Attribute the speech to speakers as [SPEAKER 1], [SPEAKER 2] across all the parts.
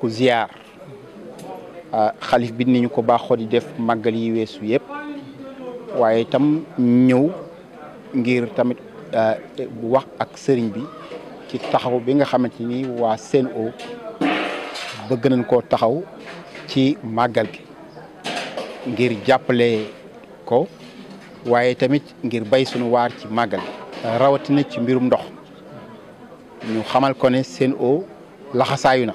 [SPEAKER 1] ko ziar ah, xalif bi ni ñu ko baaxoo di def màggal yi weesu yëpp waaye tam ñëw ngir tamit ah, wax ak sëriñ bi ci taxaw bi nga xamante ni waa Sen'Eau bëgg nañ koo taxaw ci màggal gi ngir jàppale ko waaye tamit ngir bay sunu waar ci màggal rawatina ci mbirum ndox ñu xamal ko ne Sen'Eau laxasaayu na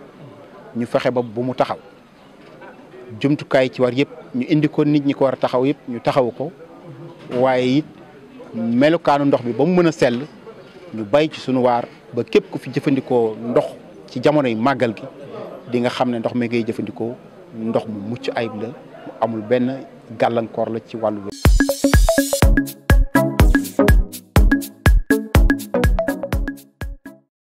[SPEAKER 1] ñu fexe ba bu mu taxaw jumtukaay ci war yëpp ñu indi ko nit ñi ko war a taxaw yëpp ñu taxaw ko waaye it melukaanu ndox bi ba mu mën a sell ñu bay ci sunu waar ba képp ku fi jëfandikoo ndox ci jamonoy yi màggal gi di nga xam ne ndox mi ngay jëfandikoo ndox mu mucc ayib la mu amul benn gàllankoor la ci wàllu